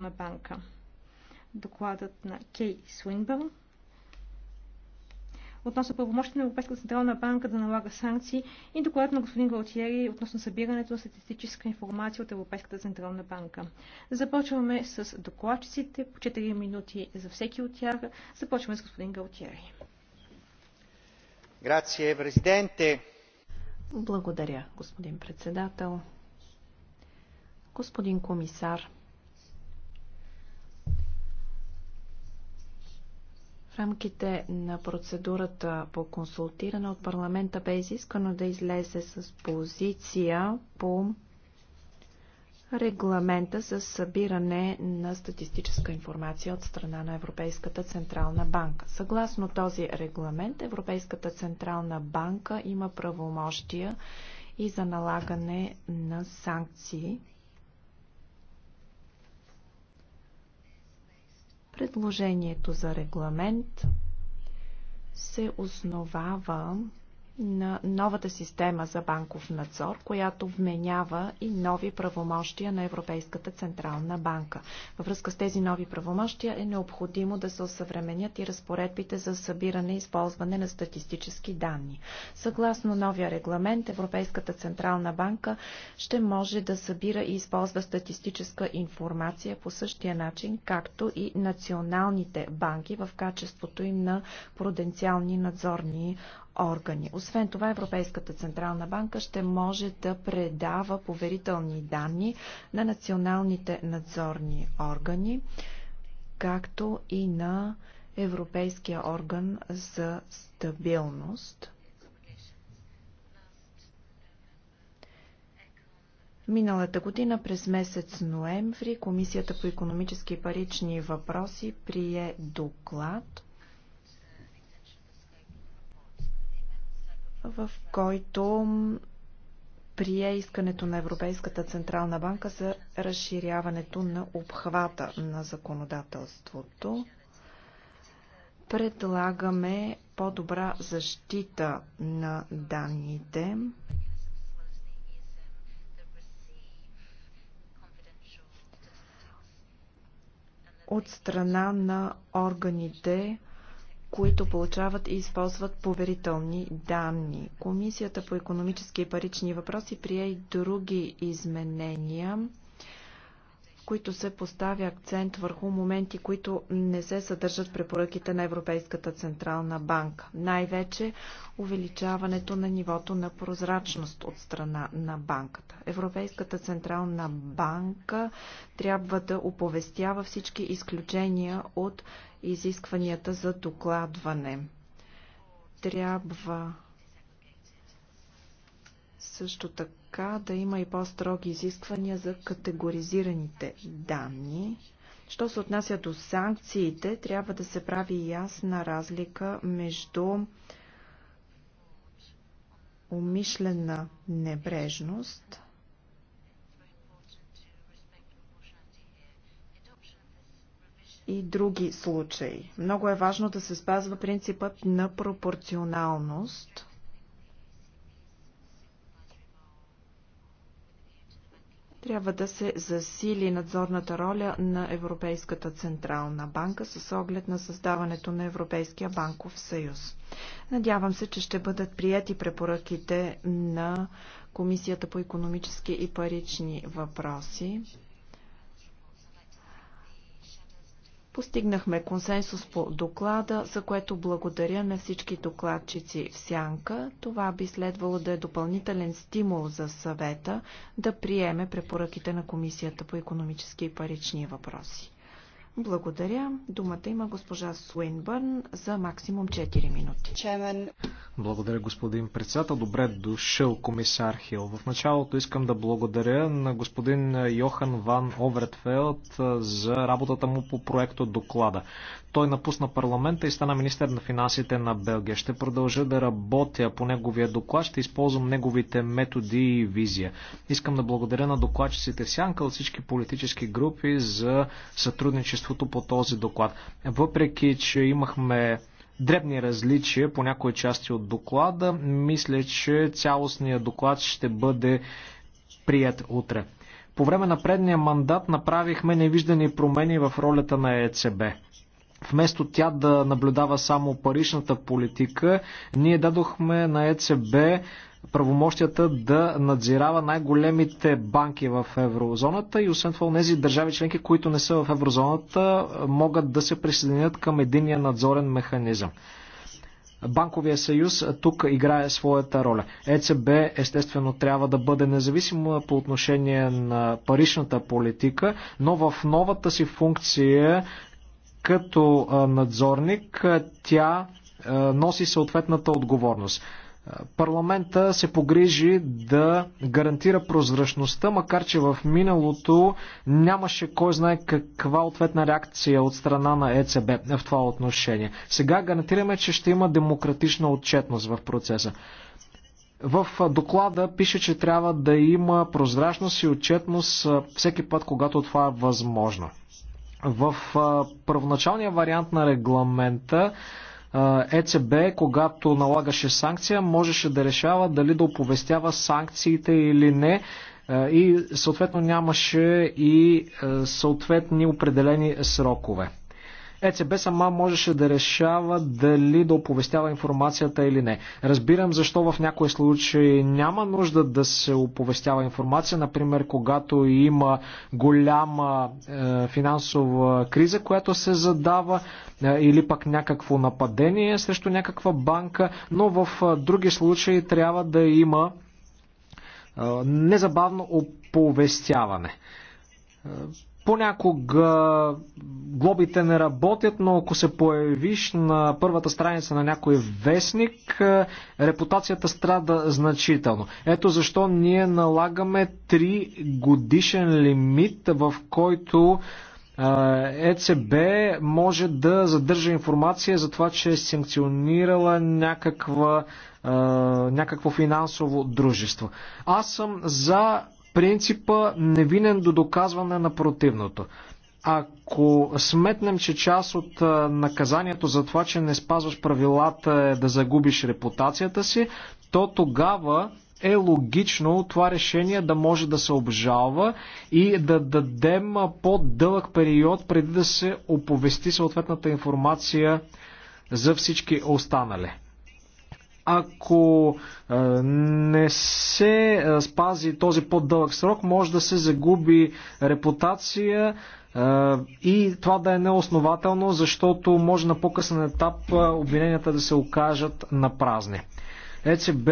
банка. Докладът на Кей Суинбърн относно правомощите на Европейската централна банка да налага санкции и докладът на господин Галтиери относно събирането на статистическа информация от Европейската централна банка. Започваме с докладчиците, по 4 минути за всеки от тях. Започваме с господин Галтиери. Грация, президенте! Благодаря, господин председател. Господин комисар, В рамките на процедурата по консултиране от парламента бе изискано да излезе с позиция по регламента за събиране на статистическа информация от страна на Европейската Централна банка. Съгласно този регламент, Европейската Централна банка има правомощия и за налагане на санкции Предложението за регламент се основава на новата система за банков надзор, която вменява и нови правомощия на Европейската Централна банка. Във връзка с тези нови правомощия е необходимо да се осъвременят и разпоредбите за събиране и използване на статистически данни. Съгласно новия регламент, Европейската Централна банка ще може да събира и използва статистическа информация по същия начин, както и националните банки в качеството им на пруденциални надзорни органи. Освен това, Европейската Централна банка ще може да предава поверителни данни на националните надзорни органи, както и на Европейския орган за стабилност. Миналата година през месец ноември Комисията по економически и парични въпроси прие доклад – в който прие искането на Европейската Централна банка за разширяването на обхвата на законодателството. Предлагаме по-добра защита на данните. от страна на органите, които получават и използват поверителни данни. Комисията по економически и парични въпроси прие и други изменения които се поставя акцент върху моменти, които не се съдържат в препоръките на Европейската Централна банка. Най-вече увеличаването на нивото на прозрачност от страна на банката. Европейската Централна банка трябва да оповестява всички изключения от изискванията за докладване. Трябва също така да има и по-строги изисквания за категоризираните данни. Що се отнася до санкциите, трябва да се прави ясна разлика между умишлена небрежност и други случаи. Много е важно да се спазва принципът на пропорционалност. Трябва да се засили надзорната роля на Европейската централна банка с оглед на създаването на Европейския банков съюз. Надявам се, че ще бъдат прияти препоръките на Комисията по економически и парични въпроси Постигнахме консенсус по доклада, за което благодаря на всички докладчици в Сянка. Това би следвало да е допълнителен стимул за съвета да приеме препоръките на Комисията по економически и парични въпроси. Благодаря. Думата има госпожа Суинбърн за максимум 4 минути. Благодаря, господин председател. Добре дошъл, комисар Хил. В началото искам да благодаря на господин Йохан Ван Овертфелд за работата му по проекта доклада. Той напусна парламента и стана министър на финансите на Белгия. Ще продължа да работя по неговия доклад, ще използвам неговите методи и визия. Искам да благодаря на докладчиците Сянка от всички политически групи за сътрудничество сътрудничеството по този доклад. Въпреки, че имахме дребни различия по някои части от доклада, мисля, че цялостният доклад ще бъде прият утре. По време на предния мандат направихме невиждани промени в ролята на ЕЦБ. Вместо тя да наблюдава само паричната политика, ние дадохме на ЕЦБ правомощията да надзирава най-големите банки в еврозоната и освен това тези държави членки, които не са в еврозоната, могат да се присъединят към единия надзорен механизъм. Банковия съюз тук играе своята роля. ЕЦБ естествено трябва да бъде независимо по отношение на паричната политика, но в новата си функция като надзорник тя носи съответната отговорност парламента се погрижи да гарантира прозрачността, макар че в миналото нямаше кой знае каква ответна реакция от страна на ЕЦБ в това отношение. Сега гарантираме, че ще има демократична отчетност в процеса. В доклада пише, че трябва да има прозрачност и отчетност всеки път, когато това е възможно. В първоначалния вариант на регламента ЕЦБ, когато налагаше санкция, можеше да решава дали да оповестява санкциите или не и съответно нямаше и съответни определени срокове. ЕЦБ сама можеше да решава дали да оповестява информацията или не. Разбирам защо в някои случаи няма нужда да се оповестява информация, например когато има голяма е, финансова криза, която се задава е, или пък някакво нападение срещу някаква банка, но в е, други случаи трябва да има е, незабавно оповестяване. Е, Понякога глобите не работят, но ако се появиш на първата страница на някой вестник, е, репутацията страда значително. Ето защо ние налагаме 3 годишен лимит, в който е, ЕЦБ може да задържа информация за това, че е санкционирала някаква, е, някакво финансово дружество. Аз съм за принципа невинен до доказване на противното. Ако сметнем, че част от наказанието за това, че не спазваш правилата е да загубиш репутацията си, то тогава е логично това решение да може да се обжалва и да дадем по-дълъг период преди да се оповести съответната информация за всички останали ако е, не се е, спази този по-дълъг срок, може да се загуби репутация е, и това да е неоснователно, защото може на по-късен етап обвиненията да се окажат на празни. ЕЦБ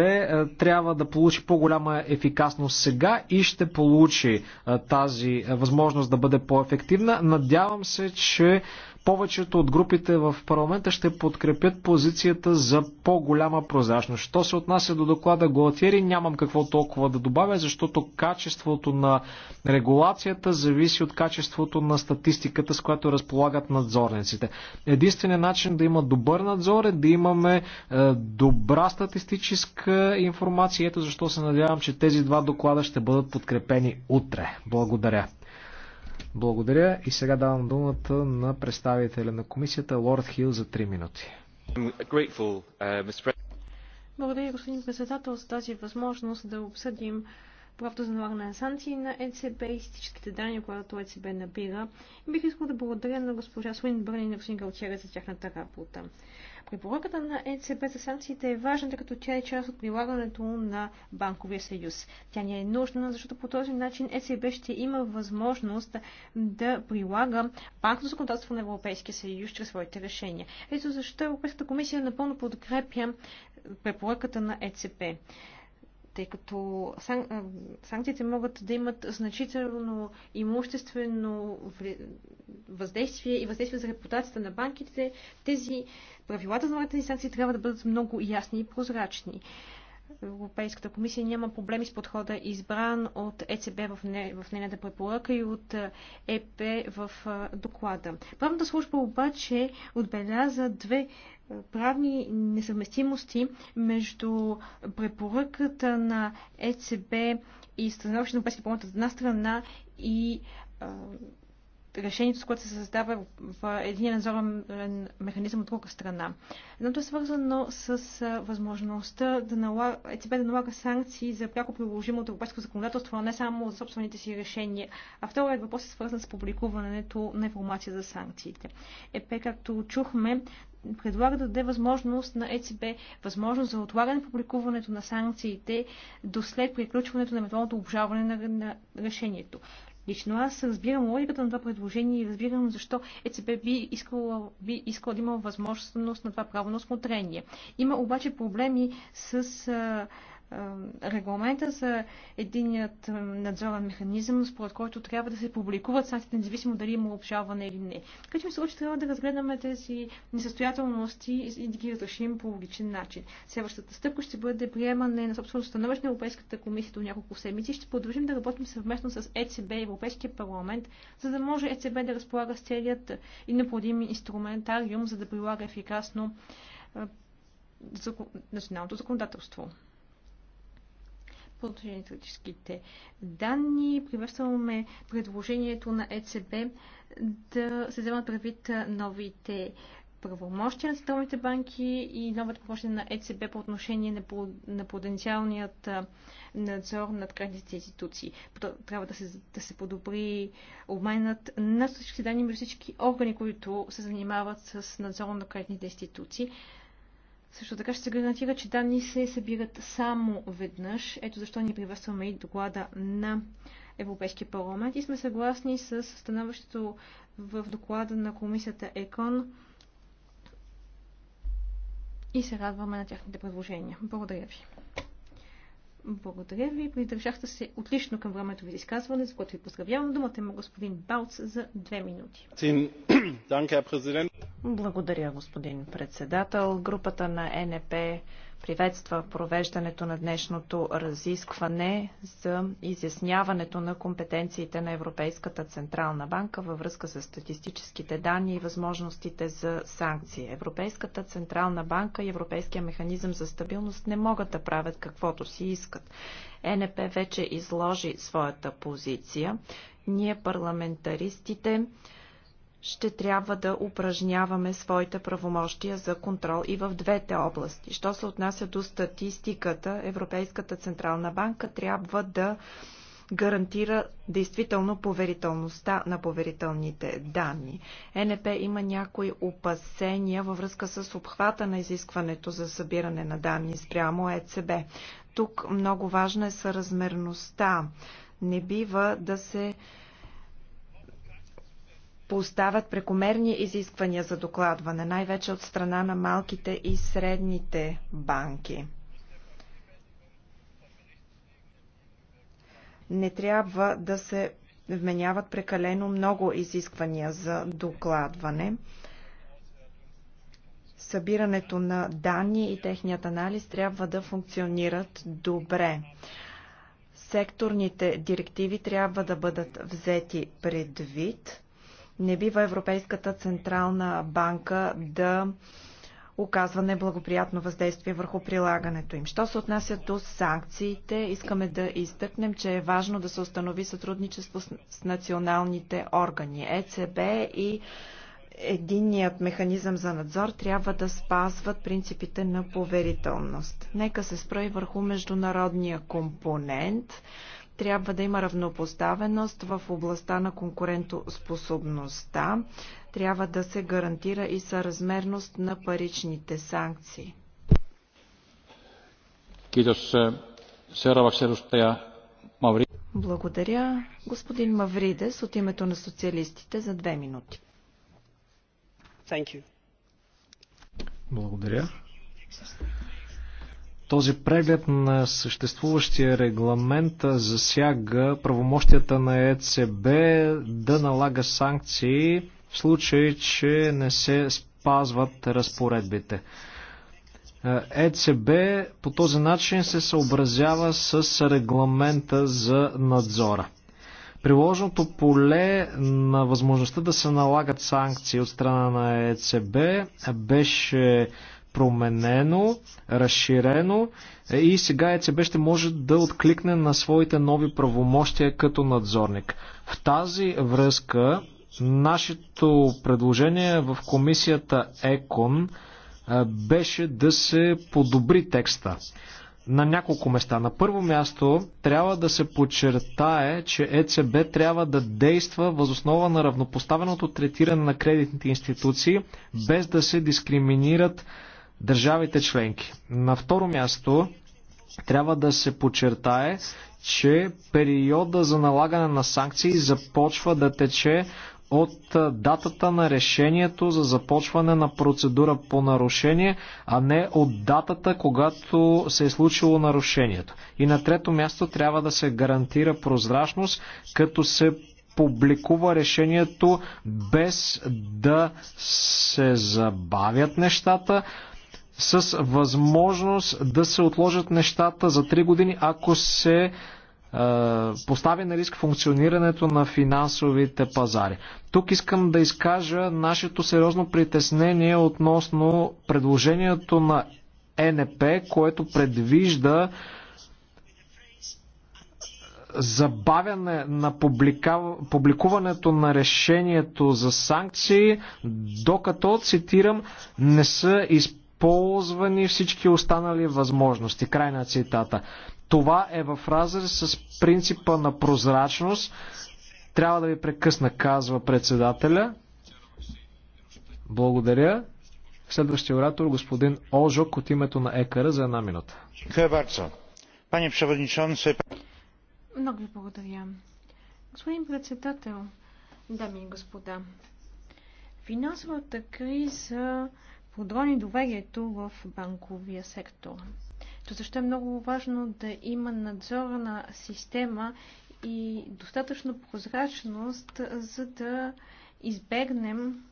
трябва да получи по-голяма ефикасност сега и ще получи тази възможност да бъде по-ефективна. Надявам се, че повечето от групите в парламента ще подкрепят позицията за по-голяма прозрачност. Що се отнася до доклада Голатери, нямам какво толкова да добавя, защото качеството на регулацията зависи от качеството на статистиката, с която разполагат надзорниците. Единственият начин да има добър надзор е да имаме е, добра статистическа информация. Ето защо се надявам, че тези два доклада ще бъдат подкрепени утре. Благодаря. Благодаря и сега давам думата на представителя на комисията Лорд Хил за 3 минути. Uh, благодаря, господин председател, за тази възможност да обсъдим правото за налагане на санкции на ЕЦБ и всичките данни, които ЕЦБ набира. Бих искал да благодаря на госпожа Суин Бърни и на господин Галчера за тяхната работа. Препоръката на ЕЦБ за санкциите е важна, тъй като тя е част от прилагането на Банковия съюз. Тя ни е нужна, защото по този начин ЕЦБ ще има възможност да прилага банковото законодателство на Европейския съюз чрез своите решения. Ето защо Европейската комисия напълно подкрепя препоръката на ЕЦБ тъй като сан... санкциите могат да имат значително имуществено въздействие и въздействие за репутацията на банките. Тези правилата за налагане на санкции трябва да бъдат много ясни и прозрачни. Европейската комисия няма проблеми с подхода избран от ЕЦБ в, нейната препоръка и от ЕП в доклада. Правната служба обаче отбеляза две правни несъвместимости между препоръката на ЕЦБ и становището на Европейския парламент от една страна и решението, с което се създава в един надзорен механизъм от друга страна. Едното е свързано с възможността да налага, ЕЦБ да налага санкции за пряко приложимо от европейско законодателство, а не само за собствените си решения. А вторият въпрос е свързан с публикуването на информация за санкциите. ЕП, както чухме, предлага да даде възможност на ЕЦБ възможност за отлагане публикуването на санкциите до след приключването на евентуалното обжалване на, на решението. Лично аз разбирам логиката на това предложение и разбирам защо ЕЦБ би искала, би искала да има възможност на това право на осмотрение. Има обаче проблеми с а, регламента за единият надзорен механизъм, според който трябва да се публикуват санкциите, независимо дали има обжалване или не. Така че мисля, че трябва да разгледаме тези несъстоятелности и да ги разрешим по логичен начин. Следващата стъпка ще бъде приемане на собствено становище на Европейската комисия до няколко седмици. Ще продължим да работим съвместно с ЕЦБ и Европейския парламент, за да може ЕЦБ да разполага с целият и необходим инструментариум, за да прилага ефикасно националното законодателство пътническите данни. Приветстваме предложението на ЕЦБ да се вземат предвид новите правомощия на световните банки и новата помощ на ЕЦБ по отношение на, на потенциалният надзор над кредитните институции. Трябва да се, да се подобри обменът на всички данни между всички органи, които се занимават с надзор на кредитните институции. Също така ще се гарантира, че данни се събират само веднъж. Ето защо ни привърстваме и доклада на Европейския парламент и сме съгласни с становището в доклада на комисията ЕКОН и се радваме на тяхните предложения. Благодаря ви. Благодаря ви. Придържахте се отлично към времето ви за изказване, за което ви поздравявам. Думата има господин Балц за две минути. Благодаря, господин председател. Групата на НП приветства провеждането на днешното разискване за изясняването на компетенциите на Европейската Централна банка във връзка с статистическите данни и възможностите за санкции. Европейската Централна банка и Европейския механизъм за стабилност не могат да правят каквото си искат. Е НП вече изложи своята позиция. Ние парламентаристите ще трябва да упражняваме своите правомощия за контрол и в двете области. Що се отнася до статистиката, Европейската Централна банка трябва да гарантира действително поверителността на поверителните данни. Е НП има някои опасения във връзка с обхвата на изискването за събиране на данни спрямо ЕЦБ. Тук много важна е съразмерността. Не бива да се поставят прекомерни изисквания за докладване, най-вече от страна на малките и средните банки. Не трябва да се вменяват прекалено много изисквания за докладване. Събирането на данни и техният анализ трябва да функционират добре секторните директиви трябва да бъдат взети предвид. Не бива Европейската централна банка да оказва неблагоприятно въздействие върху прилагането им. Що се отнася до санкциите, искаме да изтъкнем, че е важно да се установи сътрудничество с националните органи, ЕЦБ и единният механизъм за надзор трябва да спазват принципите на поверителност. Нека се спрои върху международния компонент. Трябва да има равнопоставеност в областта на конкурентоспособността. Трябва да се гарантира и съразмерност на паричните санкции. Е, Благодаря. Господин Мавридес от името на социалистите за две минути. Благодаря. Този преглед на съществуващия регламент засяга правомощията на ЕЦБ да налага санкции в случай, че не се спазват разпоредбите. ЕЦБ по този начин се съобразява с регламента за надзора. Приложното поле на възможността да се налагат санкции от страна на ЕЦБ беше променено, разширено е, и сега ЕЦБ ще може да откликне на своите нови правомощия като надзорник. В тази връзка нашето предложение в комисията ЕКОН е, беше да се подобри текста на няколко места. На първо място трябва да се подчертае, че ЕЦБ трябва да действа възоснова на равнопоставеното третиране на кредитните институции, без да се дискриминират държавите членки. На второ място трябва да се подчертае, че периода за налагане на санкции започва да тече от датата на решението за започване на процедура по нарушение, а не от датата, когато се е случило нарушението. И на трето място трябва да се гарантира прозрачност, като се публикува решението без да се забавят нещата с възможност да се отложат нещата за 3 години, ако се е, постави на риск функционирането на финансовите пазари. Тук искам да изкажа нашето сериозно притеснение относно предложението на НП, което предвижда забавяне на публика... публикуването на решението за санкции, докато, цитирам, не са изпълнени използвани всички останали възможности. Край на цитата. Това е в разрез с принципа на прозрачност. Трябва да ви прекъсна, казва председателя. Благодаря. Следващия оратор, господин Ожок от името на ЕКР за една минута. Много ви благодаря. Господин председател, дами и господа, финансовата криза подрони доверието в банковия сектор. То защо е много важно да има надзорна система и достатъчно прозрачност, за да избегнем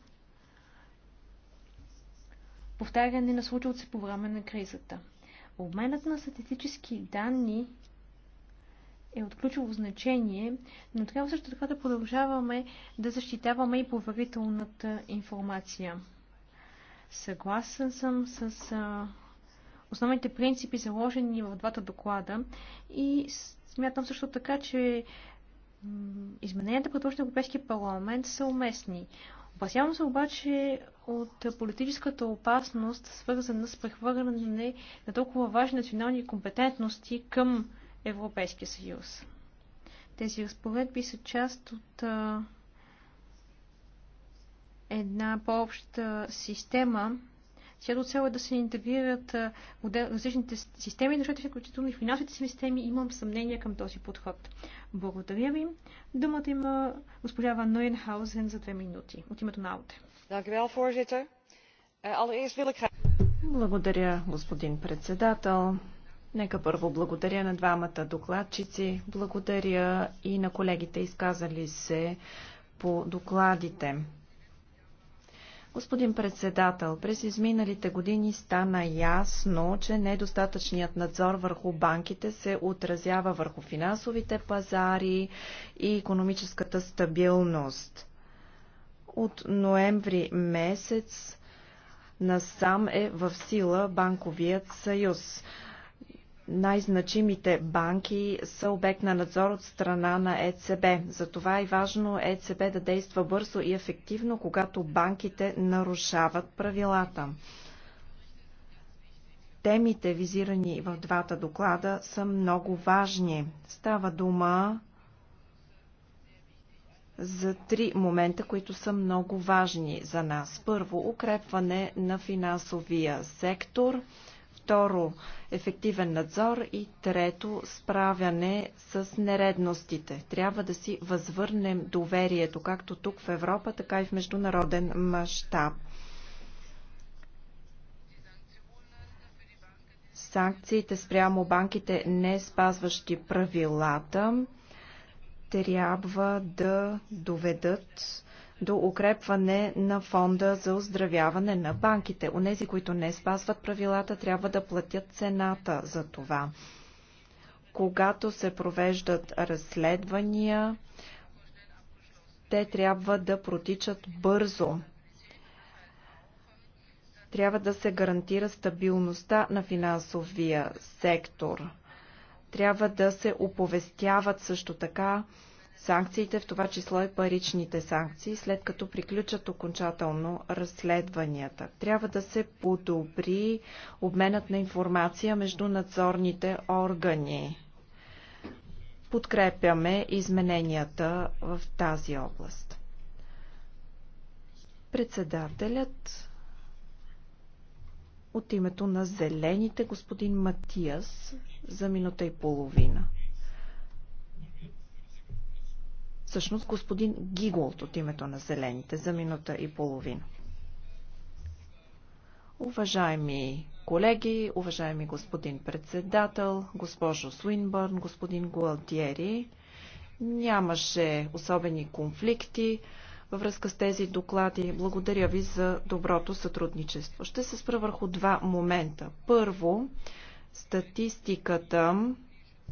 повтаряне на случилото се по време на кризата. Обменът на статистически данни е от ключово значение, но трябва също така да продължаваме да защитаваме и поверителната информация. Съгласен съм с а, основните принципи, заложени в двата доклада и смятам също така, че измененията, предложени от Европейския парламент, са уместни. Опасявам се обаче от политическата опасност, свързана с прехвърляне на толкова важни национални компетентности към Европейския съюз. Тези разпоредби са част от една по-обща система, чиято цел е да се интегрират различните системи, защото включително и финансовите системи имам съмнение към този подход. Благодаря ви. Думата има госпожа Ван Нойенхаузен за две минути от името на Ауте. Е, благодаря, господин председател. Нека първо благодаря на двамата докладчици, благодаря и на колегите изказали се по докладите. Господин председател, през изминалите години стана ясно, че недостатъчният надзор върху банките се отразява върху финансовите пазари и економическата стабилност. От ноември месец насам е в сила банковият съюз най-значимите банки са обект на надзор от страна на ЕЦБ. Затова е важно ЕЦБ да действа бързо и ефективно, когато банките нарушават правилата. Темите, визирани в двата доклада, са много важни. Става дума за три момента, които са много важни за нас. Първо, укрепване на финансовия сектор – второ ефективен надзор и трето справяне с нередностите. Трябва да си възвърнем доверието, както тук в Европа, така и в международен мащаб. Санкциите спрямо банките, не спазващи правилата, трябва да доведат до укрепване на фонда за оздравяване на банките. Онези, които не спазват правилата, трябва да платят цената за това. Когато се провеждат разследвания, те трябва да протичат бързо. Трябва да се гарантира стабилността на финансовия сектор. Трябва да се оповестяват също така санкциите, в това число и паричните санкции, след като приключат окончателно разследванията. Трябва да се подобри обменът на информация между надзорните органи. Подкрепяме измененията в тази област. Председателят от името на зелените господин Матиас за минута и половина. всъщност господин Гиголт от името на Зелените за минута и половина. Уважаеми колеги, уважаеми господин председател, госпожо Суинбърн, господин Гуалтиери, нямаше особени конфликти във връзка с тези доклади. Благодаря ви за доброто сътрудничество. Ще се спра върху два момента. Първо, статистиката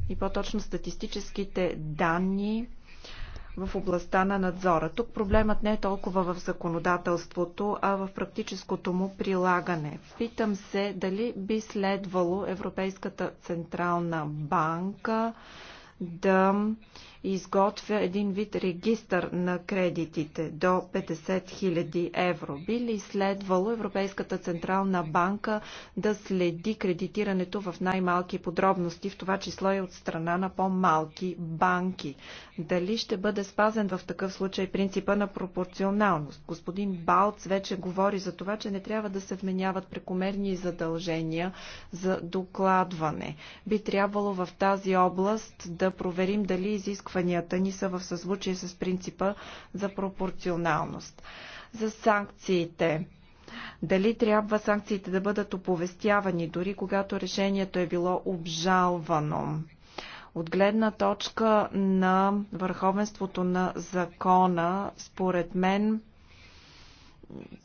и по-точно статистическите данни в областта на надзора. Тук проблемът не е толкова в законодателството, а в практическото му прилагане. Питам се дали би следвало Европейската централна банка да изготвя един вид регистър на кредитите до 50 000 евро. Би ли следвало Европейската Централна банка да следи кредитирането в най-малки подробности, в това число и от страна на по-малки банки? Дали ще бъде спазен в такъв случай принципа на пропорционалност? Господин Балц вече говори за това, че не трябва да се вменяват прекомерни задължения за докладване. Би трябвало в тази област да да проверим дали изискванията ни са в съзвучие с принципа за пропорционалност. За санкциите. Дали трябва санкциите да бъдат оповестявани, дори когато решението е било обжалвано? От гледна точка на върховенството на закона, според мен,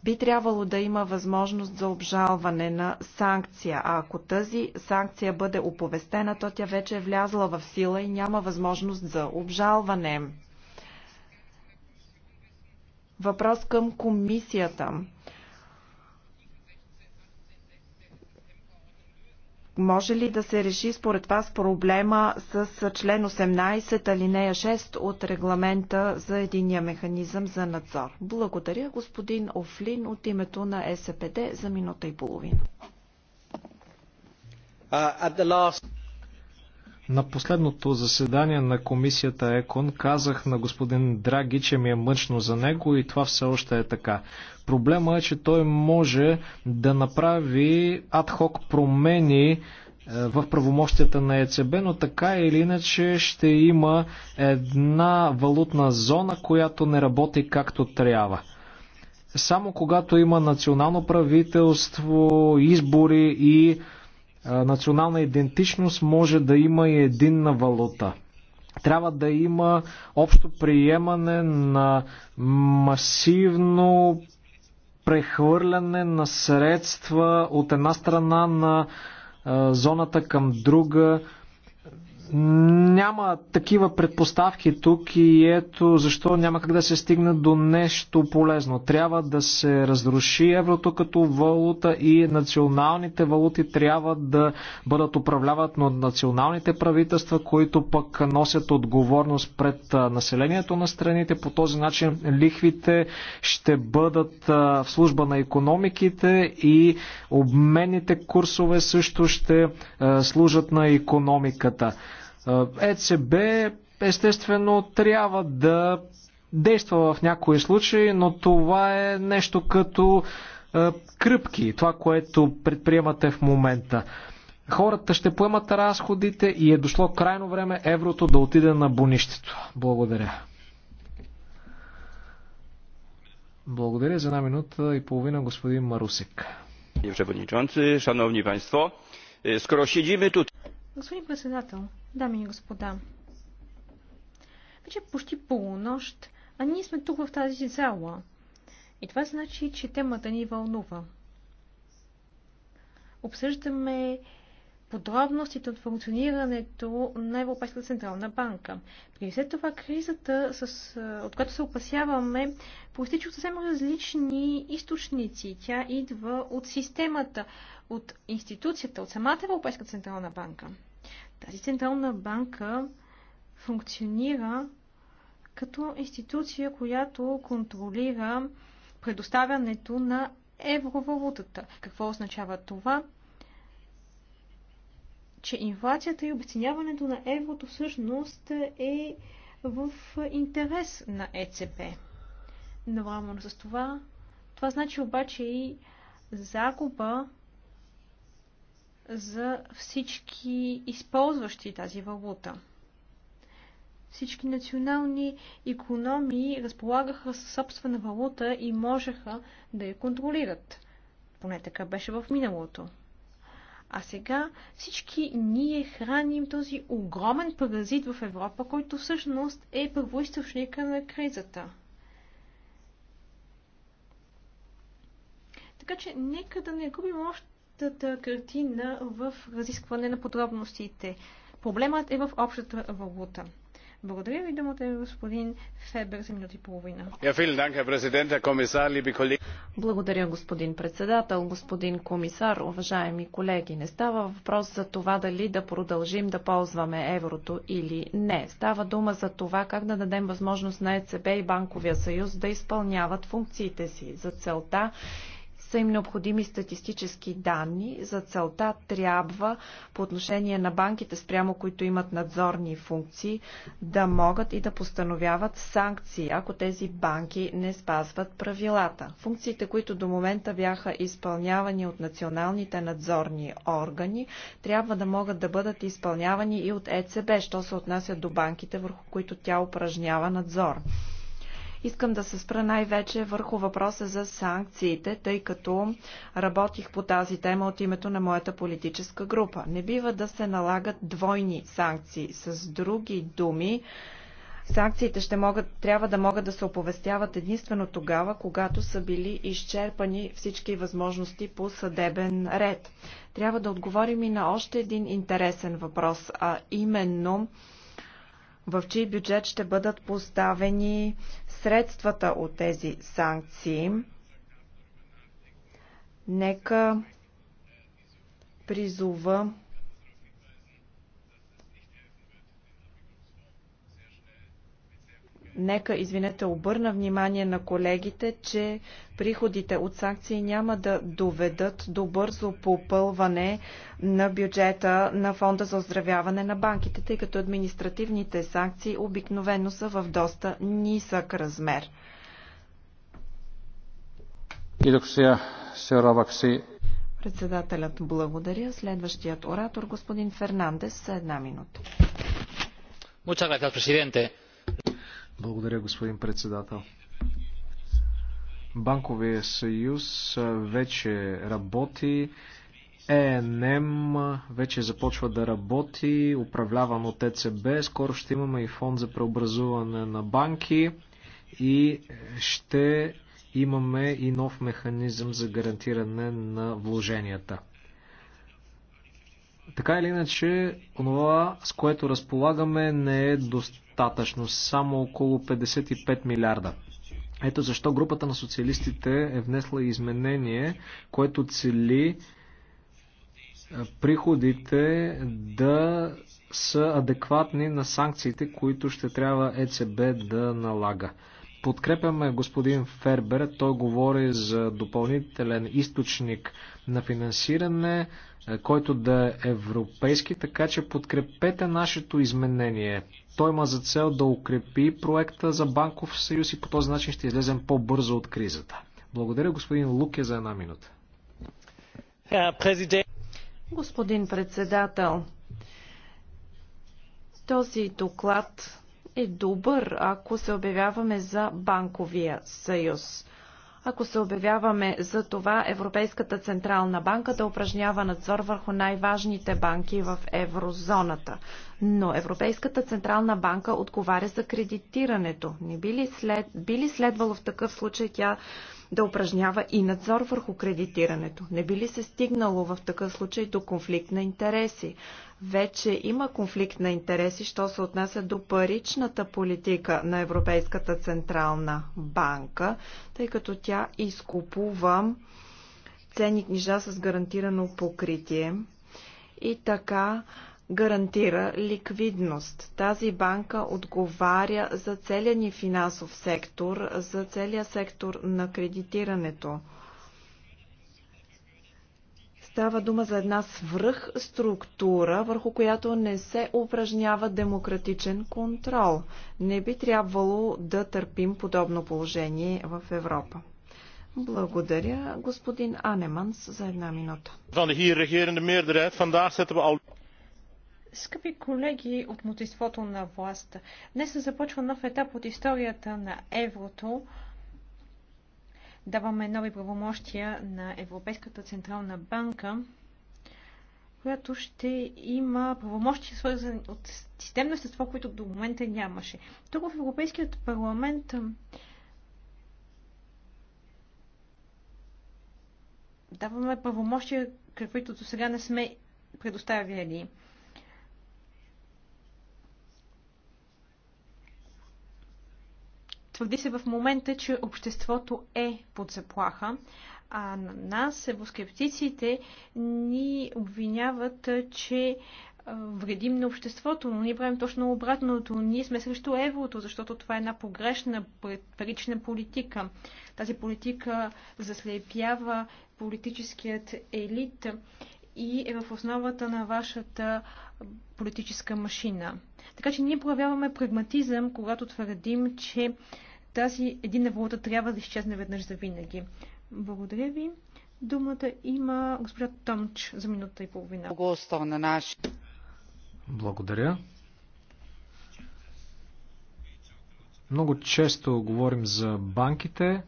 би трябвало да има възможност за обжалване на санкция, а ако тази санкция бъде оповестена, то тя вече е влязла в сила и няма възможност за обжалване. Въпрос към комисията. Може ли да се реши според вас проблема с член 18 алинея 6 от регламента за единия механизъм за надзор? Благодаря господин Офлин от името на СПД за минута и половина. Uh, на последното заседание на комисията ЕКОН казах на господин Драги, че ми е мъчно за него и това все още е така. Проблема е, че той може да направи адхок промени е, в правомощията на ЕЦБ, но така или иначе ще има една валутна зона, която не работи както трябва. Само когато има национално правителство, избори и е, национална идентичност, може да има и единна валута трябва да има общо приемане на масивно прехвърляне на средства от една страна на зоната към друга, няма такива предпоставки тук и ето защо няма как да се стигне до нещо полезно. Трябва да се разруши еврото като валута и националните валути трябва да бъдат управляват от националните правителства, които пък носят отговорност пред населението на страните. По този начин лихвите ще бъдат в служба на економиките и обменните курсове също ще служат на економиката. ЕЦБ естествено трябва да действа в някои случаи, но това е нещо като кръпки, това, което предприемате в момента. Хората ще поемат разходите и е дошло крайно време еврото да отиде на бонището. Благодаря. Благодаря за една минута и половина господин Марусик. Господин е, председател, Дами и господа, вече почти полунощ, а ние сме тук в тази зала. И това значи, че темата ни вълнува. Обсъждаме подробностите от функционирането на Европейската централна банка. При все това кризата, с, от която се опасяваме, проистича от съвсем различни източници. Тя идва от системата, от институцията, от самата Европейска централна банка. Тази централна банка функционира като институция, която контролира предоставянето на евровалутата. Какво означава това? Че инфлацията и обесценяването на еврото всъщност е в интерес на ЕЦП. Едновременно с това, това значи обаче и загуба за всички използващи тази валута. Всички национални економии разполагаха със собствена валута и можеха да я контролират. Поне така беше в миналото. А сега всички ние храним този огромен паразит в Европа, който всъщност е първоисточника на кризата. Така че нека да не губим още общата картина в разискване на подробностите. Проблемът е в общата валута. Благодаря ви думата, е господин Фебер, за минути и половина. Благодаря, господин председател, господин комисар, уважаеми колеги. Не става въпрос за това дали да продължим да ползваме еврото или не. Става дума за това как да дадем възможност на ЕЦБ и Банковия съюз да изпълняват функциите си. За целта са им необходими статистически данни. За целта трябва по отношение на банките, спрямо които имат надзорни функции, да могат и да постановяват санкции, ако тези банки не спазват правилата. Функциите, които до момента бяха изпълнявани от националните надзорни органи, трябва да могат да бъдат изпълнявани и от ЕЦБ, що се отнася до банките, върху които тя упражнява надзор. Искам да се спра най-вече върху въпроса за санкциите, тъй като работих по тази тема от името на моята политическа група. Не бива да се налагат двойни санкции. С други думи, Санкциите ще могат, трябва да могат да се оповестяват единствено тогава, когато са били изчерпани всички възможности по съдебен ред. Трябва да отговорим и на още един интересен въпрос, а именно в чий бюджет ще бъдат поставени средствата от тези санкции. Нека призова Нека, извинете, обърна внимание на колегите, че приходите от санкции няма да доведат до бързо попълване на бюджета на Фонда за оздравяване на банките, тъй като административните санкции обикновено са в доста нисък размер. Председателят благодаря. Следващият оратор, господин Фернандес, за една минута. Muchas gracias, presidente благодаря, господин председател. Банковия съюз вече работи. ЕНМ вече започва да работи, управляван от ЕЦБ. Скоро ще имаме и фонд за преобразуване на банки и ще имаме и нов механизъм за гарантиране на вложенията. Така или иначе, това, с което разполагаме, не е достатъчно. Само около 55 милиарда. Ето защо групата на социалистите е внесла изменение, което цели е, приходите да са адекватни на санкциите, които ще трябва ЕЦБ да налага. Подкрепяме господин Фербер. Той говори за допълнителен източник на финансиране, е, който да е европейски, така че подкрепете нашето изменение. Той има за цел да укрепи проекта за банков съюз и по този начин ще излезем по-бързо от кризата. Благодаря господин Луке за една минута. Господин председател, този доклад е добър, ако се обявяваме за банковия съюз. Ако се обявяваме за това Европейската централна банка да упражнява надзор върху най-важните банки в еврозоната. Но Европейската централна банка отговаря за кредитирането. Не би ли, след, би ли следвало в такъв случай тя да упражнява и надзор върху кредитирането. Не би ли се стигнало в такъв случай до конфликт на интереси? Вече има конфликт на интереси, що се отнася до паричната политика на Европейската централна банка, тъй като тя изкупува ценни книжа с гарантирано покритие. И така гарантира ликвидност. Тази банка отговаря за целия ни финансов сектор, за целия сектор на кредитирането. Става дума за една свръхструктура, върху която не се упражнява демократичен контрол. Не би трябвало да търпим подобно положение в Европа. Благодаря, господин Анеманс, за една минута. Скъпи колеги от мнозинството на власт, днес се започва нов етап от историята на еврото. Даваме нови правомощия на Европейската централна банка, която ще има правомощия, свързани от системно естество, които до момента нямаше. Тук в Европейският парламент даваме правомощия, каквито до сега не сме предоставяли. Твърди се в момента, че обществото е под заплаха, а на нас, евроскептиците, ни обвиняват, че вредим на обществото, но ние правим точно обратното. Ние сме срещу еврото, защото това е една погрешна парична политика. Тази политика заслепява политическият елит и е в основата на вашата политическа машина. Така че ние проявяваме прагматизъм, когато твърдим, че тази единна валута трябва да изчезне веднъж за винаги. Благодаря ви. Думата има госпожа Томч за минута и половина. Благодаря. Много често говорим за банките,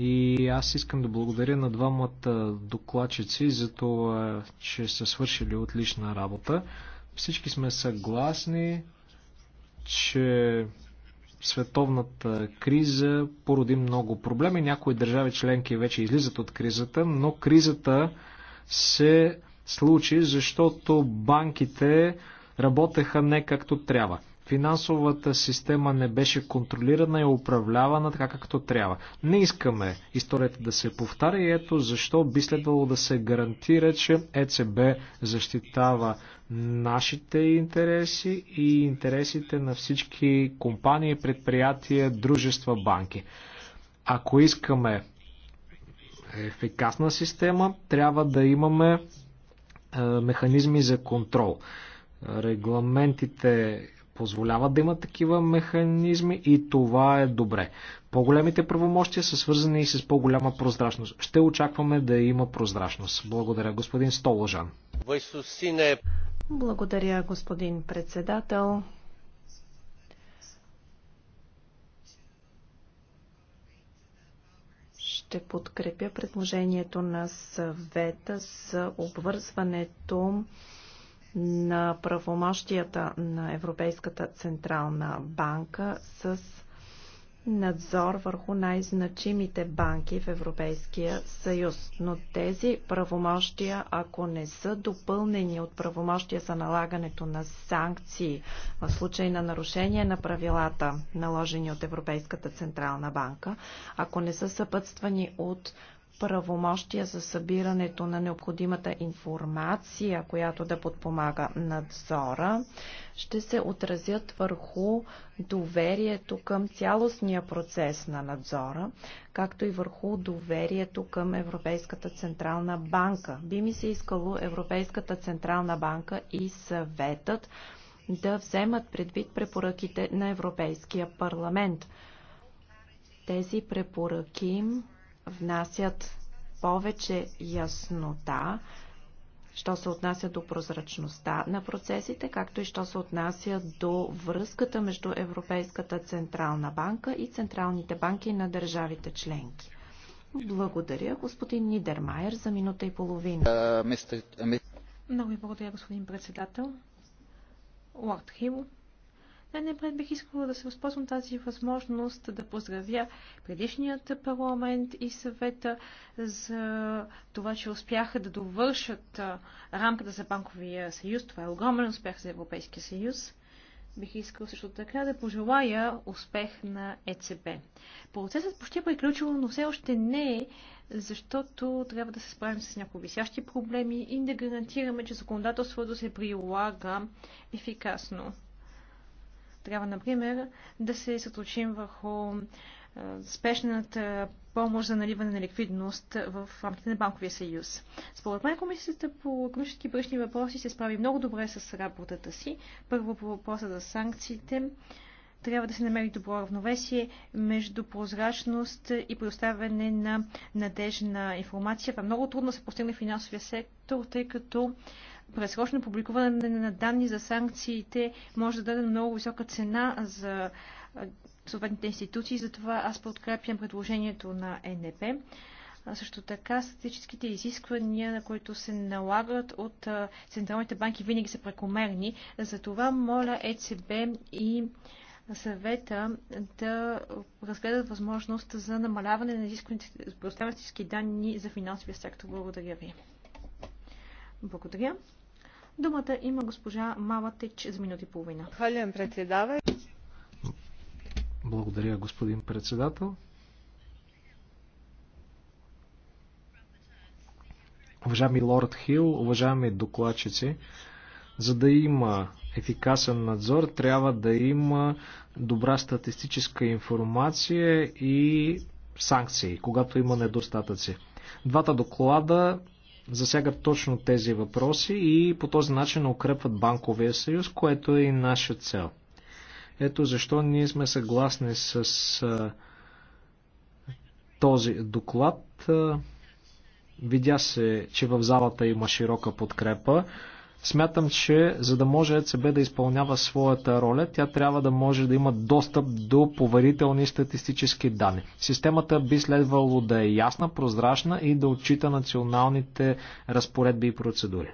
и аз искам да благодаря на двамата докладчици за това, че са свършили отлична работа. Всички сме съгласни, че световната криза породи много проблеми. Някои държави членки вече излизат от кризата, но кризата се случи, защото банките работеха не както трябва финансовата система не беше контролирана и управлявана така както трябва. Не искаме историята да се повтаря и ето защо би следвало да се гарантира, че ЕЦБ защитава нашите интереси и интересите на всички компании, предприятия, дружества, банки. Ако искаме ефикасна система, трябва да имаме механизми за контрол регламентите позволяват да има такива механизми и това е добре. По-големите правомощия са свързани и с по-голяма прозрачност. Ще очакваме да има прозрачност. Благодаря, господин Столожан. Благодаря, господин председател. ще подкрепя предложението на съвета за обвързването на правомощията на Европейската централна банка с надзор върху най-значимите банки в Европейския съюз. Но тези правомощия, ако не са допълнени от правомощия за налагането на санкции в случай на нарушение на правилата, наложени от Европейската Централна банка, ако не са съпътствани от правомощия за събирането на необходимата информация, която да подпомага надзора, ще се отразят върху доверието към цялостния процес на надзора, както и върху доверието към Европейската Централна банка. Би ми се искало Европейската Централна банка и съветът да вземат предвид препоръките на Европейския парламент. Тези препоръки внасят повече яснота, що се отнася до прозрачността на процесите, както и що се отнася до връзката между Европейската Централна банка и централните банки на държавите членки. Благодаря, господин Нидермайер, за минута и половина. Много ви благодаря, господин председател. Лорд Хил. Е, най-напред бих искала да се възползвам тази възможност да поздравя предишният парламент и съвета за това, че успяха да довършат рамката за банковия съюз. Това е огромен успех за Европейския съюз. Бих искал също така да пожелая успех на ЕЦБ. Процесът почти е приключил, но все още не е, защото трябва да се справим с някои висящи проблеми и да гарантираме, че законодателството се прилага ефикасно. Трябва, например, да се съточим върху спешната помощ за наливане на ликвидност в рамките на Банковия съюз. Според мен комисията по економически бъдещи въпроси се справи много добре с работата си. Първо по въпроса за санкциите. Трябва да се намери добро равновесие между прозрачност и предоставяне на надежна информация. Това е много трудно се постигне в финансовия сектор, тъй като предсрочно публикуване на данни за санкциите може да даде много висока цена за съответните институции, затова аз подкрепям предложението на НП. Също така статическите изисквания, на които се налагат от централните банки, винаги са прекомерни. Затова моля ЕЦБ и съвета да разгледат възможност за намаляване на изискваните предоставящи данни за финансовия сектор. Благодаря ви. Благодаря. Думата има госпожа Малатич за минути и половина. Хален председавай. Благодаря, господин председател. Уважаеми Лорд Хил, уважаеми докладчици, за да има ефикасен надзор, трябва да има добра статистическа информация и санкции, когато има недостатъци. Двата доклада засягат точно тези въпроси и по този начин укрепват банковия съюз, което е и наша цел. Ето защо ние сме съгласни с този доклад. Видя се, че в залата има широка подкрепа. Смятам, че за да може ЕЦБ да изпълнява своята роля, тя трябва да може да има достъп до поверителни статистически данни. Системата би следвало да е ясна, прозрачна и да отчита националните разпоредби и процедури.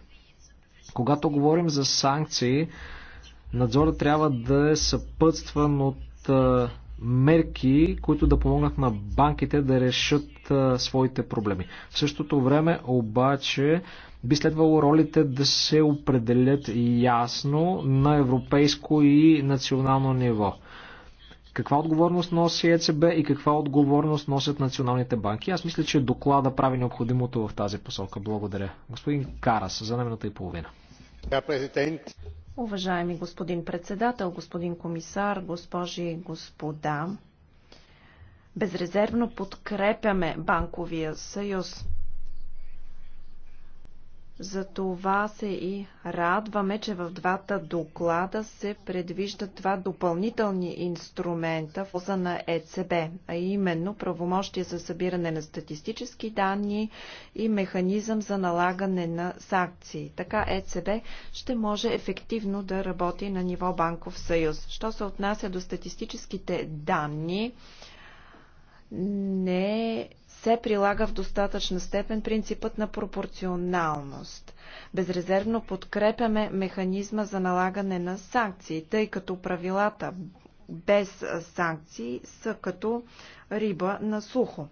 Когато говорим за санкции, надзора трябва да е съпътстван от мерки, които да помогнат на банките да решат а, своите проблеми. В същото време обаче би следвало ролите да се определят ясно на европейско и национално ниво. Каква отговорност носи ЕЦБ и каква отговорност носят националните банки? Аз мисля, че доклада прави необходимото в тази посока. Благодаря. Господин Карас, за намината и половина. Уважаеми господин председател, господин комисар, госпожи и господа, безрезервно подкрепяме Банковия съюз. За това се и радваме, че в двата доклада се предвиждат два допълнителни инструмента в полза на ЕЦБ, а именно правомощие за събиране на статистически данни и механизъм за налагане на санкции. Така ЕЦБ ще може ефективно да работи на ниво банков съюз. Що се отнася до статистическите данни, не се прилага в достатъчна степен принципът на пропорционалност. Безрезервно подкрепяме механизма за налагане на санкции, тъй като правилата без санкции са като риба на сухо.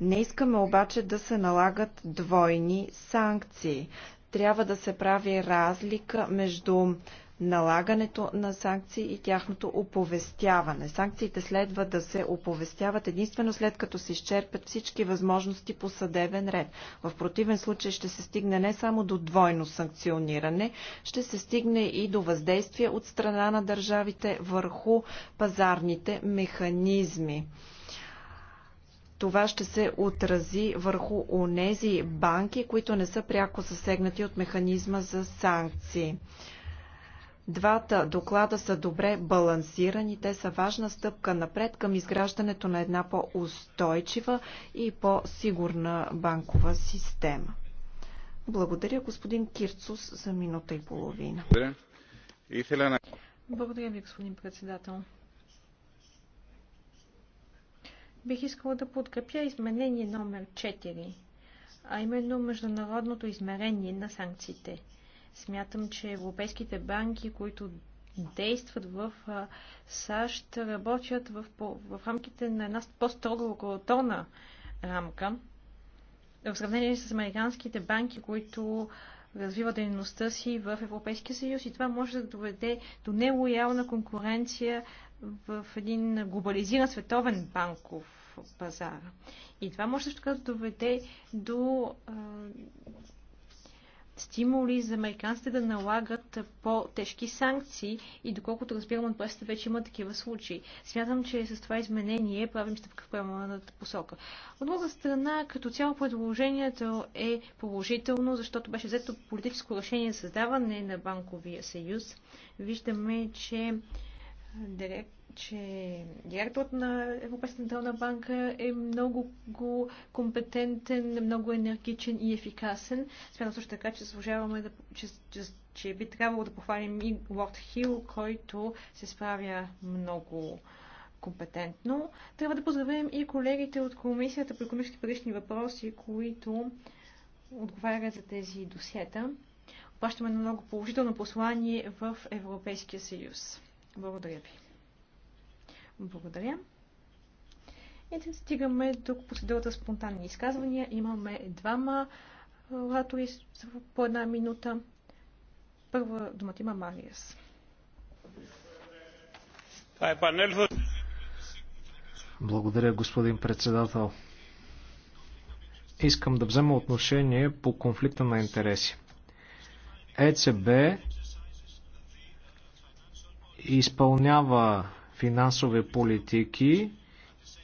Не искаме обаче да се налагат двойни санкции. Трябва да се прави разлика между налагането на санкции и тяхното оповестяване. Санкциите следва да се оповестяват единствено след като се изчерпят всички възможности по съдебен ред. В противен случай ще се стигне не само до двойно санкциониране, ще се стигне и до въздействие от страна на държавите върху пазарните механизми това ще се отрази върху онези банки, които не са пряко засегнати от механизма за санкции. Двата доклада са добре балансирани, те са важна стъпка напред към изграждането на една по-устойчива и по-сигурна банкова система. Благодаря господин Кирцус за минута и половина. Благодаря ви, господин председател. Бих искала да подкрепя изменение номер 4, а именно международното измерение на санкциите – Смятам, че европейските банки, които действат в САЩ, работят в, в рамките на една по-строга околотона рамка, в сравнение с американските банки, които развива дейността си в Европейския съюз и това може да доведе до нелоялна конкуренция в един глобализиран световен банков пазар. И това може също така да доведе до а, стимули за американците да налагат по-тежки санкции и доколкото разбирам от пресата вече има такива случаи. Смятам, че с това изменение правим стъпка в правилната посока. От друга страна, като цяло предложението е положително, защото беше взето политическо решение за създаване на банковия съюз. Виждаме, че директ че директорът на Европейската централна банка е много компетентен, много енергичен и ефикасен. Смятам също така, че заслужаваме да, че, че, че би трябвало да похвалим и Лорд Хил, който се справя много компетентно. Трябва да поздравим и колегите от Комисията по економически парични въпроси, които отговарят за тези досиета. Обащаме на много положително послание в Европейския съюз. Благодаря ви. Благодаря. И стигаме до процедурата спонтанни изказвания. Имаме двама оратори по една минута. Първа думата има Мариас. Благодаря, господин председател. Искам да взема отношение по конфликта на интереси. ЕЦБ изпълнява финансови политики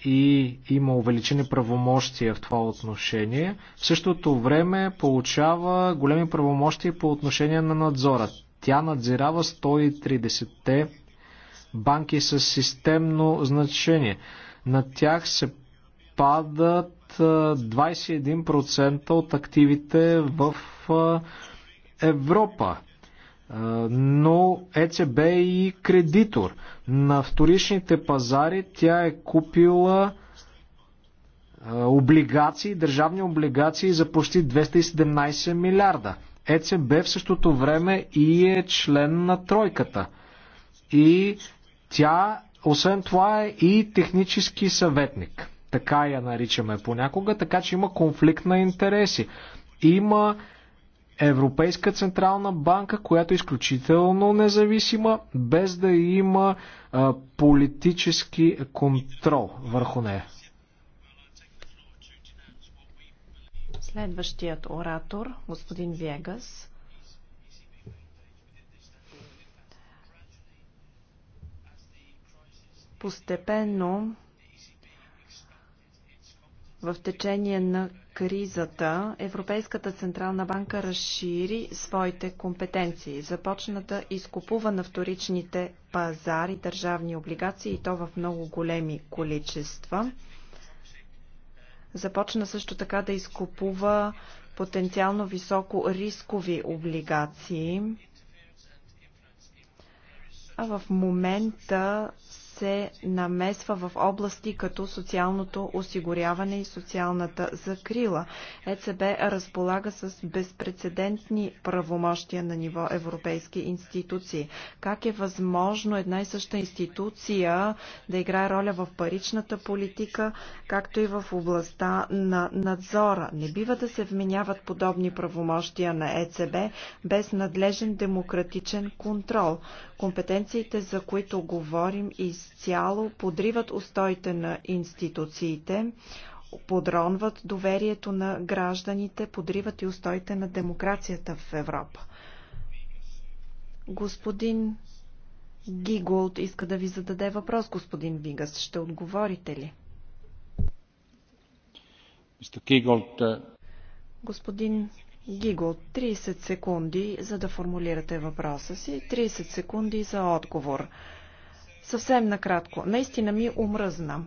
и има увеличени правомощия в това отношение. В същото време получава големи правомощия по отношение на надзора. Тя надзирава 130-те банки с системно значение. На тях се падат 21% от активите в Европа но ЕЦБ е и кредитор. На вторичните пазари тя е купила облигации, държавни облигации за почти 217 милиарда. ЕЦБ в същото време и е член на тройката. И тя, освен това, е и технически съветник. Така я наричаме понякога, така че има конфликт на интереси. Има Европейска централна банка, която е изключително независима, без да има а, политически контрол върху нея. Следващият оратор, господин Вегас. Постепенно в течение на кризата Европейската Централна банка разшири своите компетенции. Започна да изкупува на вторичните пазари държавни облигации и то в много големи количества. Започна също така да изкупува потенциално високо рискови облигации. А в момента се намесва в области като социалното осигуряване и социалната закрила. ЕЦБ разполага с безпредседентни правомощия на ниво европейски институции. Как е възможно една и съща институция да играе роля в паричната политика, както и в областта на надзора? Не бива да се вменяват подобни правомощия на ЕЦБ без надлежен демократичен контрол. Компетенциите, за които говорим, из изцяло подриват устоите на институциите, подронват доверието на гражданите, подриват и устоите на демокрацията в Европа. Господин Гиголд иска да ви зададе въпрос, господин Вигас. Ще отговорите ли? Е- господин Гигол, 30 секунди, за да формулирате въпроса си, 30 секунди за отговор. Съвсем накратко. Наистина ми омръзна.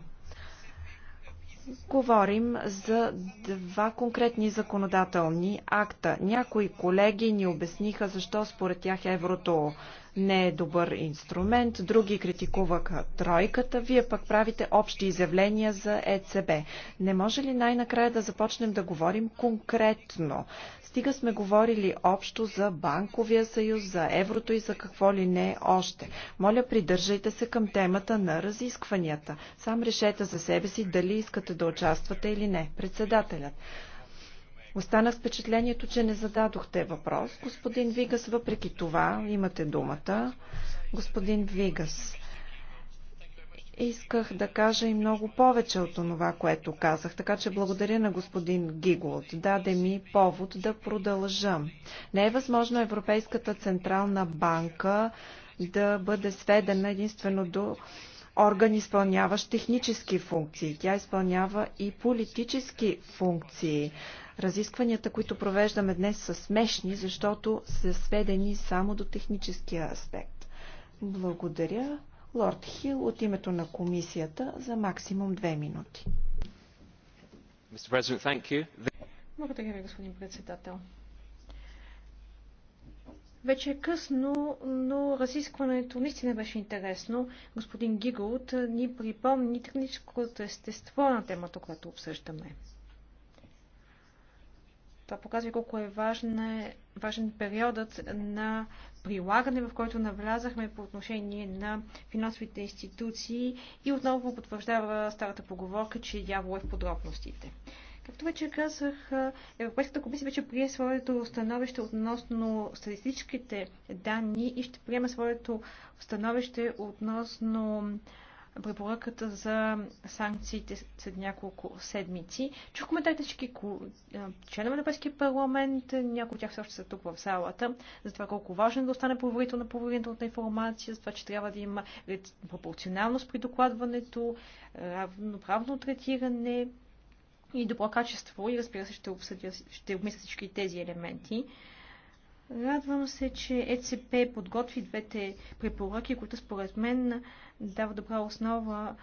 Говорим за два конкретни законодателни акта. Някои колеги ни обясниха защо според тях еврото не е добър инструмент, други критикуваха тройката, вие пък правите общи изявления за ЕЦБ. Не може ли най-накрая да започнем да говорим конкретно? Стига сме говорили общо за банковия съюз, за еврото и за какво ли не още. Моля, придържайте се към темата на разискванията. Сам решете за себе си дали искате да участвате или не. Председателят. Остана с впечатлението, че не зададохте въпрос. Господин Вигас, въпреки това, имате думата. Господин Вигас, исках да кажа и много повече от това, което казах, така че благодаря на господин Гиголт. Даде ми повод да продължа. Не е възможно Европейската Централна банка да бъде сведена единствено до орган, изпълняващ технически функции. Тя изпълнява и политически функции. Разискванията, които провеждаме днес, са смешни, защото са сведени само до техническия аспект. Благодаря. Лорд Хил от името на комисията за максимум две минути. Благодаря ви, господин председател. Вече е късно, но разискването наистина беше интересно. Господин Гиголт ни припомни техническото естество на темата, която обсъждаме. Това показва колко е важен, важен периодът на прилагане, в който навлязахме по отношение на финансовите институции и отново потвърждава старата поговорка, че дявол е в подробностите. Както вече казах, Европейската комисия вече прие своето становище относно статистическите данни и ще приема своето становище относно препоръката за санкциите след няколко седмици. Чух коментарите всички членове на Европейския парламент, някои от тях все още са тук в залата, за това колко важно е да остане поверителна поверителната информация, за това, че трябва да има пропорционалност при докладването, равноправно третиране, и добро качество и разбира се ще, обсъдя, ще обмисля всички тези елементи. Радвам се, че ЕЦП подготви двете препоръки, които според мен дава добра основа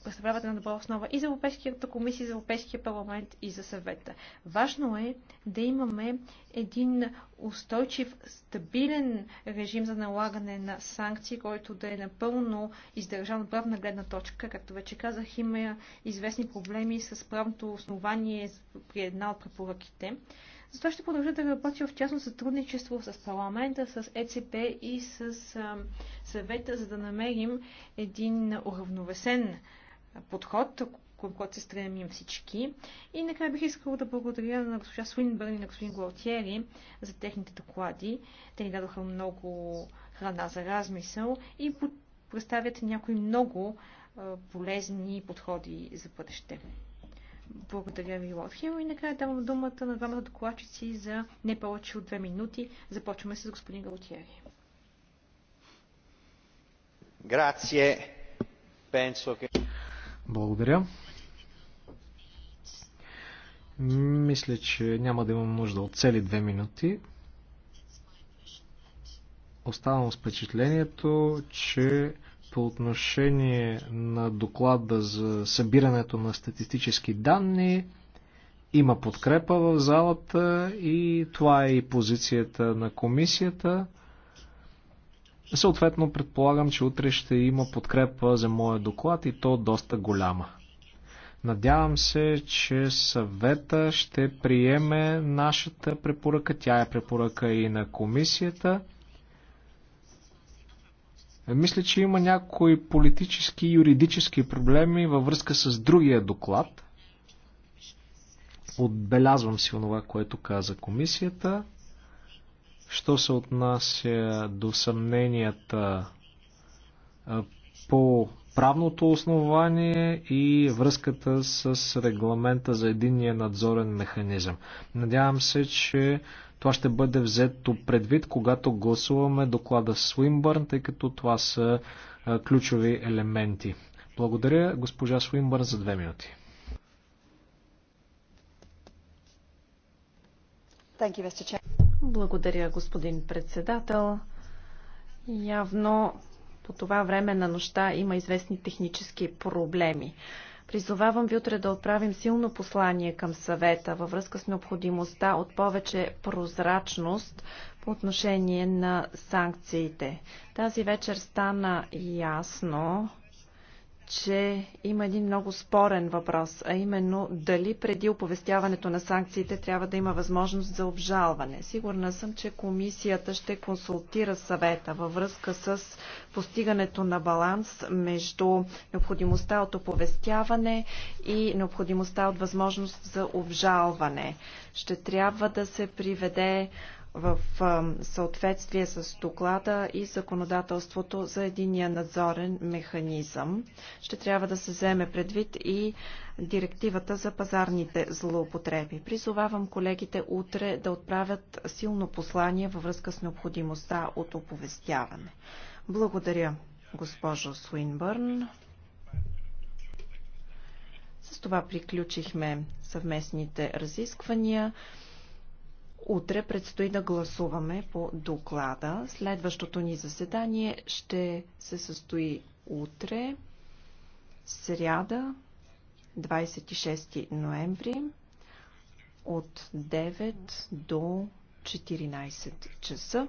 представляват една добра основа и за Европейската комисия, и за Европейския парламент, и за съвета. Важно е да имаме един устойчив, стабилен режим за налагане на санкции, който да е напълно издържан от правна гледна точка. Както вече казах, има известни проблеми с правното основание при една от препоръките. Затова ще продължа да работя в тясно сътрудничество с парламента, с ЕЦП и с съвета, за да намерим един уравновесен подход, към който се стремим всички. И накрая бих искала да благодаря на госпожа Свинбърн и на господин Голтиери за техните доклади. Те ни дадоха много храна за размисъл и представят някои много полезни подходи за бъдеще. Благодаря ви, Лотхил. И накрая давам думата на двамата докладчици за не повече от две минути. Започваме с господин Галтиери. Грация. Penso che... Благодаря. Мисля, че няма да имам нужда от цели две минути. Оставам с впечатлението, че по отношение на доклада за събирането на статистически данни има подкрепа в залата и това е и позицията на комисията. Съответно, предполагам, че утре ще има подкрепа за моя доклад и то доста голяма. Надявам се, че съвета ще приеме нашата препоръка. Тя е препоръка и на комисията. Мисля, че има някои политически и юридически проблеми във връзка с другия доклад. Отбелязвам си онова, което каза комисията. Що се отнася до съмненията по правното основание и връзката с регламента за единния надзорен механизъм. Надявам се, че това ще бъде взето предвид, когато гласуваме доклада Свинбърн, тъй като това са ключови елементи. Благодаря госпожа Свинбърн за две минути. Thank you, Mr. Благодаря, господин председател. Явно по това време на нощта има известни технически проблеми. Призовавам ви утре да отправим силно послание към съвета във връзка с необходимостта от повече прозрачност по отношение на санкциите. Тази вечер стана ясно, че има един много спорен въпрос, а именно дали преди оповестяването на санкциите трябва да има възможност за обжалване. Сигурна съм, че комисията ще консултира съвета във връзка с постигането на баланс между необходимостта от оповестяване и необходимостта от възможност за обжалване. Ще трябва да се приведе в съответствие с доклада и законодателството за единия надзорен механизъм. Ще трябва да се вземе предвид и директивата за пазарните злоупотреби. Призовавам колегите утре да отправят силно послание във връзка с необходимостта от оповестяване. Благодаря, госпожо Суинбърн. С това приключихме съвместните разисквания. Утре предстои да гласуваме по доклада. Следващото ни заседание ще се състои утре, сряда, 26 ноември, от 9 до 14 часа.